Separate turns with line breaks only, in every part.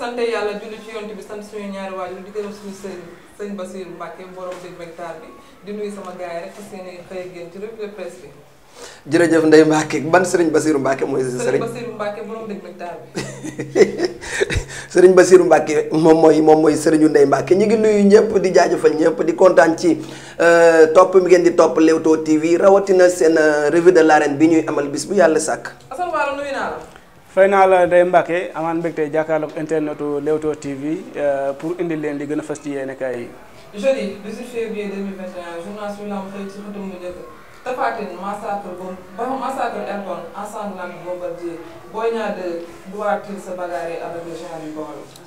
sante yàlla julli ci yonent bi sant suñu ñaari waajur di gërëm suñu sëriñ sëñ Mbàkke borom dég bektaar bi di nuyu sama gars yi rek fa seeni
Mbacke ban Serigne Basirou Mbacke mooy. Serigne
Basirou dëgg la
Serigne Basirou moom mooy moom mooy Serigne Ndeye Mbacke ñu ngi nuyu ñëpp di jaajëfal ñëpp di kontaan ci euh, topp mi ngeen di topp Leewtoo TV rawatina seen euh, revue de l'arène bi ñuy amal bis
bu yàlla sàkk. fay naa la day Mbacke amaan mbégte jàkkaarloog internetu Leewtoo TV euh, pour indi leen li gën a fas ci journal
suñu lamb xëy ci xëtum mu njëkk Tapha Tine massacre boobu ba massacre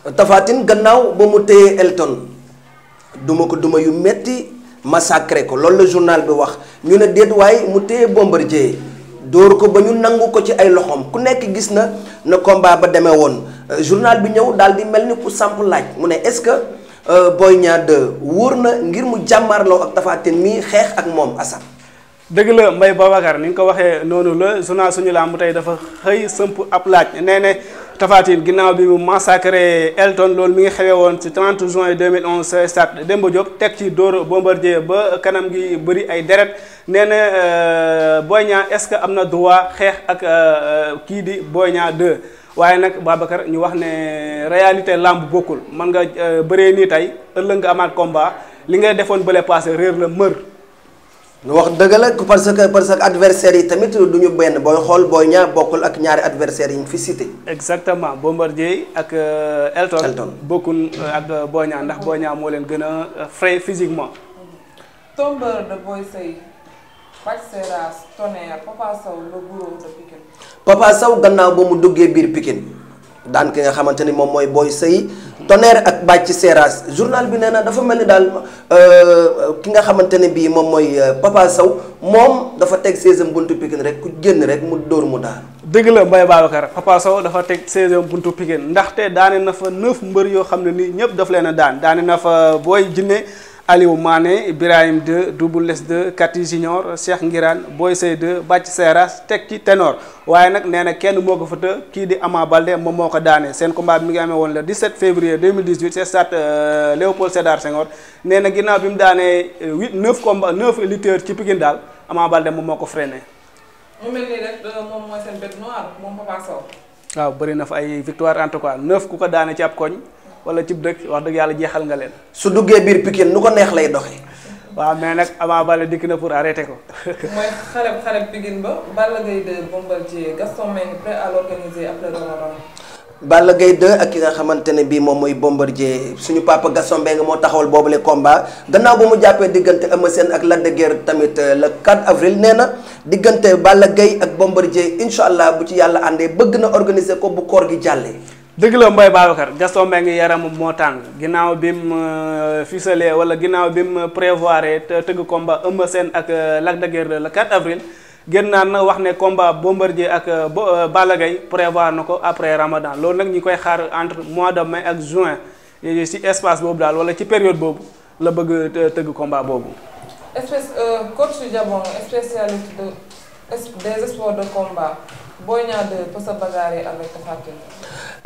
Elton gannaaw ba mu téye Elton duma ko duma yu metti massacré ko loolu la journal bi wax ñu ne déet waaye mu téye Bombardier. dóor ko ba ñu nangu ko ci ay loxoom ku nekk gis na na combat ba demee woon euh, journal bi ñëw daal di mel ni ku samp laaj mu ne est-ce que euh, Boy Niang 2 wóor na ngir mu jàmmarloo
ak Tapha Tine mii xeex ak moom asam dëgg la mbay Babacar ni nga ko waxee noonu la journal suñu làmb tey dafa xëy sëmp ab laaj nee ne Tapha ginnaaw bi mu massacré Elton loolu mi ngi xewee woon ci 30 juin 2011 stade Demba Diop teg ci dóor Bombardier ba kanam gi bëri ay deret nee na euh, Boy Niang est-ce que am na droit xeex ak euh, euh, kii di Boy Niang waaye nag Babacar ñu wax ne réalité làmb bokkul mën nga bëree nii tey ëllëg nga amaat combat li ngay defoon bële passé réer la mër. lu wax
dëgg la parce que parce que adversaires yi tamit du ñu benn booy
xool booy ñaar bokkul ak ñaari adversaires yi ñu fi cité. exactement Bombardier ak euh, Elton. Elton bokkul euh, ak euh, Boy Niang ndax Boy moo leen gën a frais physiquement.
tombeur de Boy Seye.
Papa saw gannaaw ba mu duggee biir pikin daan ki nga xamante ni moom mooy booy Sey Tonnerre ak bàcc Seras journal bi nee na dafa mel ni daal euh, ki nga xamante ne bii moom mooy euh, Papa saw moom dafa teg 16e buntu Pikine rek ku génn rek mu dóor mu daal.
dëgg la Mbaye Babacar Papa saw dafa teg 16e buntu Pikine ndaxte daane na fa 9 mbër yoo xam ne nii ñëpp daf leen a daan daane na fa booy Djiné. Aliou Mané Ibrahim 2 Double Less 2 Kati Junior Cheikh Ngiraan Boy Sey Bàcc Seras teg ci ténor waaye nag nee na kenn moo ko fa të kii di Ama Balde moom moo ko daane seen combat bi mi ngi amee woon le 17 février 2018 ci stade euh, Léopold Sédar Senghor nee na ginnaaw bi mu daanee 8 combat 9 lutteurs ci Pikine daal Ama Balde moom moo ko freiné.
Euh,
waaw bëri na fa ay victoire en tout ku ko daane ci ab koñ. wala cib dëkk wax dëgg yàlla jeexal nga leen. su duggee biir Pikine nu ko neex lay doxee. waaw mais nag Ama Baldé dikk na pour arrêter ko. mooy
xale xale Pikine ba Balla Gaye 2 Bombardier Gaston Mbengue
ak ki nga xamante ne
bii moom mooy Bombardier suñu papa Gaston Mbengue moo taxawal boobule combat gannaaw ba mu jàppee diggante Eumeu Sène ak Lac de tamit euh, la 4 avril nee na diggante Balla gay ak Bombardier incha allah bu ci yàlla àndee bëgg na organiser ko bu koor gi jàllee.
dëgg la Mbaye Babacar Gaston ngi yaramam moo tàng ginnaaw bi mu euh, ficelé wala ginnaaw bi mu prévoir tëgg combat ëmb Sène ak euh, Lac de Guiers le 4 avril génnaan na wax ne combat Bombardier ak euh, bo Gaye prévoir na ko après Ramadan loolu nag ñu koy xaar entre mois de mai ak juin ci espace boobu daal wala ci période boobu la bëgg tëgg combat boobu.
espèce coach Diabong spécialiste des sports de combat. Boy Niang 2 peut se bagarrer avec Tapha Tine.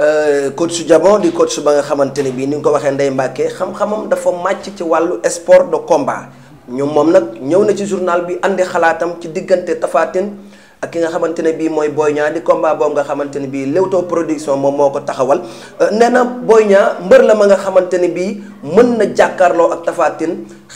Euh, coach Diamond ba nga xamante ne bii ni nga ko waxee Ndeye Mbacke xam-xamam dafa màcc ci wàllu sport de combat ñoom moom nag ñëw na ci journal bi andi xalaatam ci diggante tafaatin ak ki nga xamante ne bii mooy Boy Niang di combat boobu nga xamante ne bii Leewtoo production moom moo ko taxawal euh, nee na Boy Niang mbër la ma nga xamante ne bii mën na jàkkaarloo ak Tapha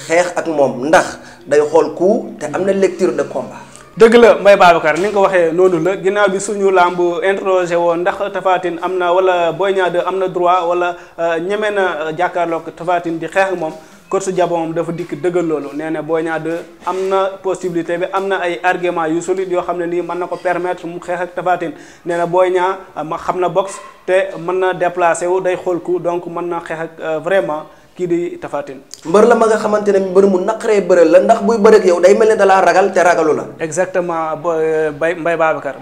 xeex ak moom
ndax day xool ku te am na lecture de combat. dëgg la Mbaye Babacar ni nga ko waxee noonu la ginnaaw bi suñu lamb interrogé woon ndax Tapha am na wala booy Niang 2 am na droit wala euh, ñeme na euh, jàkkaarlook Tapha di xeex moom coach Diabo moom dafa dikk dëggal loolu nee na Boy Niang am na possibilité bi am na ay argument yu solide yoo xam ne nii mën na ko permettre mu xeex ak Tapha Tine nee na Boy Niang euh, ma xam na boxe te mën na déplacé wu day xool ku donc mën na xeex ak vraiment kii di Tafatine. mbër la ma nga xamante ne mbër mu naqaree
bëre la ndax buy bëreeg yow day mel ne dalaa ragal te ragalu la.
exactement bo Mbaye Mbaye Babacar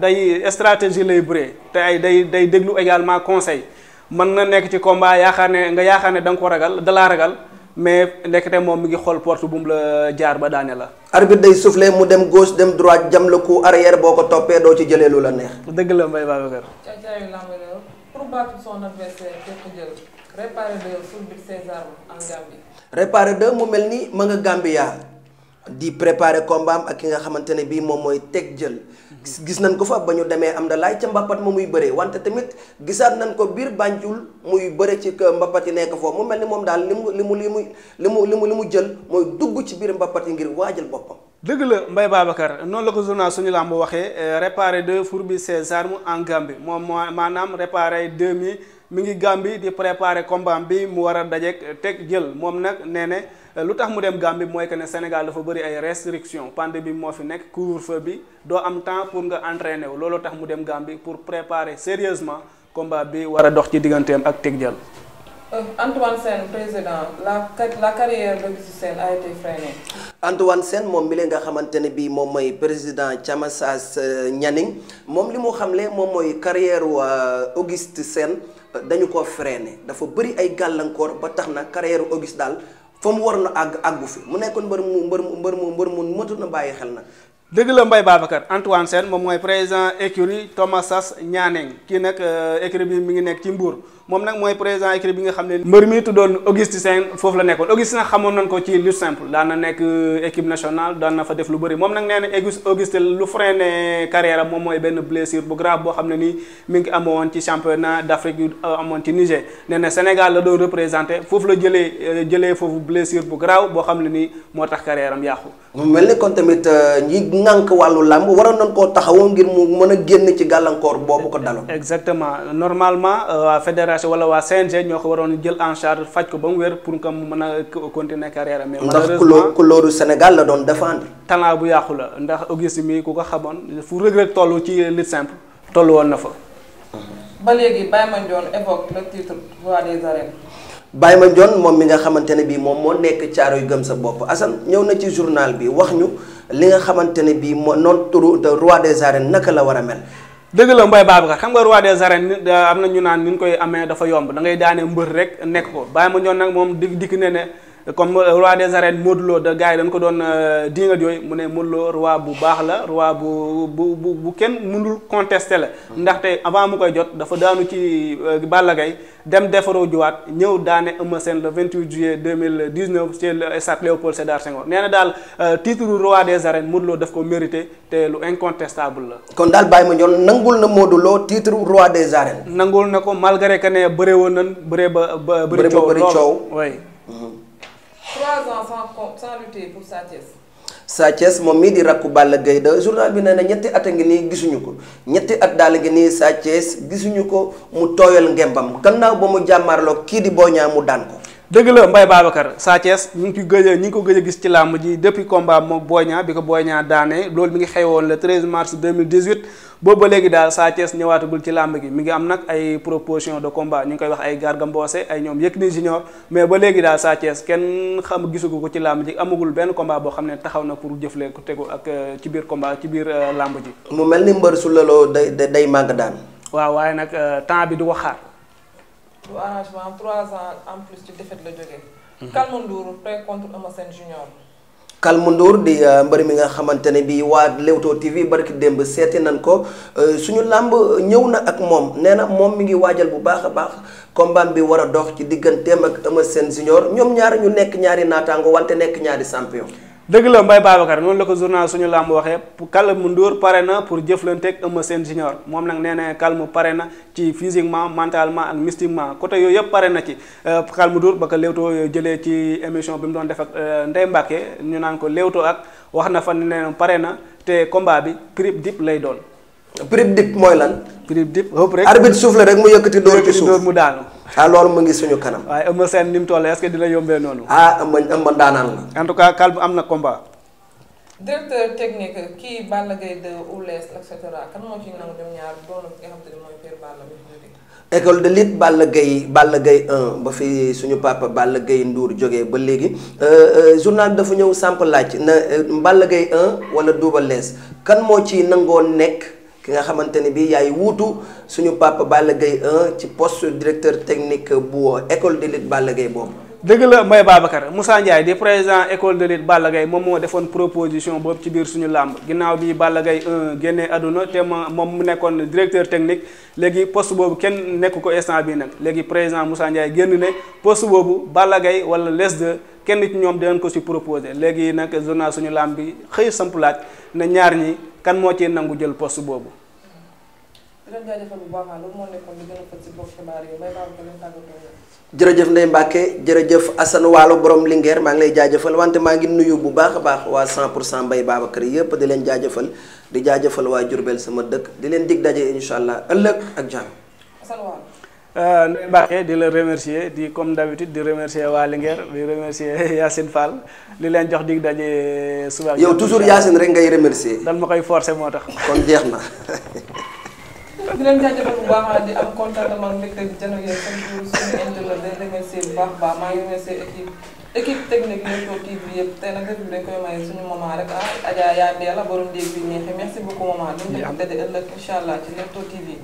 day stratégie lay bëree te ay day déglu également conseil man na nekk ci combat yaakaar ne nga yaakaar ne da nga ko ragal dalaa ragal. mais ndekete moom mu ngi xool port bu mu la jaar ba daane la.
arbitre day soufflé mu dem gauche dem droite jam la coup arrière boo ko toppee doo ci jëlee lu la neex. dëgg la Mbaye Babacar.
pour battre Réparé 2 surbic
mu mel ni ma nga Gambia di préparer combat am ak ki nga xamante ne bii moom mooy teg jël. gis nañ ko fa ba ñu demee am na laay ca mbappat ma muy bëree wante tamit gisaat nañ ko biir Banjul muy bëre ci mbappat yi nekk foofu mu mel ni moom daal li mu li mu li mu li mu li mu jël mooy
dugg ci biir mbappat yi ngir waajal boppam. dëgg la mbay Babacar noonu la ko journal suñu làmb waxee eh, réparé deux fourbi ses mu en Gambie moom maanaam réparé deux mi mi ngi Gambie di préparé combat bi mu war a dajeek eh, teg jël moom nag nee ne eh, lu tax mu dem Gambie mooy que ne Sénégal dafa bëri ay restrictions pandémie bi moo fi nekk couvre-feu bi doo am temps pour nga entraîner wu looloo tax mu dem Gambie pour préparer sérieusement combat bi war dox ci digganteem ak teg jël
Euh, Antoine Sène président la la carrière de Gisou Sène a été freinée.
Antoine moom mi leen nga xamante ne bii moom mooy président Thiamassas euh, Nianing moom li moo xam xamle moom mooy carrière waa euh, Auguste seen dañu ko freiné dafa bëri ay gàllankoor ba tax na carrière Auguste daal fa mu war na àgg àggu fi mu nekkoon
mbër mu mbër mu mbër mu mbër mu mëtu na bàyyi xel na dëgg la Mbaye Babacar Antoine Sène moom mooy président écurie Thomas Sass Nianing kii nag euh, écurie bi mi ngi nekk ci Mbour moom nag mooy président écurie bi nga xam ne mbër ko ci lutte simple na nekk euh, def lu bëri moom nag nee moom mooy benn blessure bu grave boo xam ne nii mi ngi amoon ci championnat d'Afrique yu euh, amoon ci Niger nee na Sénégal la doon représenté foofu la jëlee jëlee foofu blessure bu grave boo xam ne nii moo tax carrière am yàqu.
ŋànk wàllu làmb waroon nañ koo taxawoo ngir mu mën a génn ci gàllankoor boobu ko daloo
exactement normalement euh, waa fédération wala waa CNG ñoo ko waroon jël en charge faj ko ba mu wér pour que mu mën a continuer carrière mais ndax couleur couleuru Sénégal la doon défendre. talent bu yàqu la ndax Auguste mi ku ko xamoon fu regret toll ci lutte simple toll woon na fa.
ba léegi Baye Mandione évoque le titre roi des arènes.
Baye moom mi nga xamante ne bii moom moo nekk caaro yu gëm sa bopp Assane ñëw na ci journal bi wax ñu. li nga xamante ne bii moo notre roi des arènes
naka la war a mel. dëgg la mbay Mbaye Babacar xam nga roi des arènes am na ñu naan ni ñu koy amee dafa yomb da ngay daane mbër rek nekk ko bàyyi ma ñoon nag moom dikk dikk ne ne. comme roi des arènes Modou Lo da gars yi dañ ko doon euh, dingat yooyu mu ne Modou Lo roi bu baax la roi bu bu bu bu kenn mënul contesté la ndaxte avant mu koy jot dafa daanu ci euh, Balla Gaye dem defaroo juwaat ñëw daane Eumeu Sène le 28 juillet 2019 ci stade Léopold Sédar Senghor nee na daal euh, titre roi des arènes Modou Lo daf ko mérité te lu incontestable la kon daal Baye Mandione nangul na Modou Lo titre roi des arènes nangul na ko malgré que ne woon nan bëree ba ba bëri
trois ans sans sans lutter
moom mii di rakku Balla Gaye da journal bi nee na ñetti at a ngi nii gisuñu ko ñetti at daal ngi nii Sa gisuñu ko mu tooyal ngembam gannaaw ba
mu jàmmaarloo kii di Boy Niang mu daan ko. dëgg la Mbaye Babacar Sa Thiès ñu ngi ci gëj a ñu ngi ko gëj a gis ci làmb ji depuis combat ko Boy Niang daanee loolu mi boobu ba léegi daal Sa Thiès ñëwaatagul ci làmb gi mi ngi am nag ay proposition de combat ñu ngi koy wax ay Garga ay ñoom Yékini Junior mais ba léegi daal Sa Thiès kenn xam gisugu ko ci làmb ji amagul benn combat boo xam ne taxaw na pour jëfle ko tegu ak euh, ci biir combat ci biir euh, làmb ji. mu mel ni mbër
su laloo day day màgg daan.
waaw waaye nag euh, temps bi du ko xaar.
du arrangement trois ans en plus ci défaite la jógee. Calme mhm. Ndour prêt contre Eumeu Sène junior.
Calme di euh, mbër mi nga xamante ne bii waa Leewtoo TV barki démb seeti nañ ko euh, suñu làmb ñëw na ak moom nee na moom mi ngi waajal bu baax a baax combat bi war a dox ci digganteem ak Eumeu Sène junior ñoom ñaar ñu nekk ñaari naataango wante nekk ñaari
champion. dëgg la Mbaye Babacar noonu la ko journal suñu mu waxee Calme Ndour pare na pour jëflanteeg Eumeu Sène junior moom nag nee na Calme pare na ci physiquement mentalement ak mystiquement côté yooyu yëpp pare na ci euh, Calme Ndour ba ko Leewtoo jëlee ci émission bi mu doon def ak euh, Ndeye Mbacke ñu naan ko Leewtoo ak wax na fa ne pare na te combat bi prip dip lay doon. prip dip mooy lan. prip dip hop rek. arbitre suuf la rek mu yëkkati dóor ci suuf mu daanu. ah loolu mu ngi suñu kanam. waaye Eumeu Sène ni mu toll est-ce que dina yombee noonu. ah Eumeu Eumeu ndaanaan la. en tout cas Kalbu am na combat.
directeur technique kii Balla Gaye de Oulès et cetera kan moo ci nangu dem ñaar doon nga xam te ne mooy Père Balla
bi école de lutte Balla Gaye Balla Gaye ba fi suñu papa Balla Gaye nduur jóge ba léegi euh, euh, journal bi dafa ñëw samp laaj na euh, Balla Gaye 1 wala Double Less kan moo ci nangoo nekk. ki nga xamante ne bii yaay wuutu suñu papa Balla Gaye 1 ci poste directeur technique
bu école de lutte Balla Gaye boobu. dëgg la Mbaye Babacar Moussa Ndiaye di président école de lutte Balla Gaye moom moo defoon proposition boobu ci biir suñu làmb ginnaaw bi Balla Gaye 1 génnee àdduna te moom mu nekkoon directeur technique léegi post boobu kenn nekk ko instant bi nag léegi président Moussa Ndiaye génn ne post boobu Balla Gaye wala les kenn ci ñoom dinañ ko si proposé léegi nag journal suñu làmb bi xëy samp laaj na ñaar ñi. kan moo ci nangu jël poste boobu.
jërëjëf ndey Mbacke jërëjëf Assane Waalo borom Linguère maa ngi lay jaajëfal wante maa ngi nuyu bu baax baax waa 100 pour cent Mbaye Babacar yëpp di leen jaajëfal di jaajëfal waa Diourbel sama
dëkk di leen dig daje incha allah ëllëg ak jàmm. Euh, Ndeye Mbacké di la remercier di comme d'habitude di remercier waa Linguère di remercier Yacine Fall li leen jox dig daje suba. yow toujours Yacine rek ngay remercier. dan ma koy forcer moo tax. kon jeex na.
di leen jaajëfal bu baax baax maa ngi remercier équipe équipe technique Leewtoo TV yëpp tey nag lépp dañ koy maye suñu maman rek ah Adja yaa Ndella borom dégg bi neexee merci beaucoup maman. di nga ko daje ëllëg incha allah ci Leewtoo TV.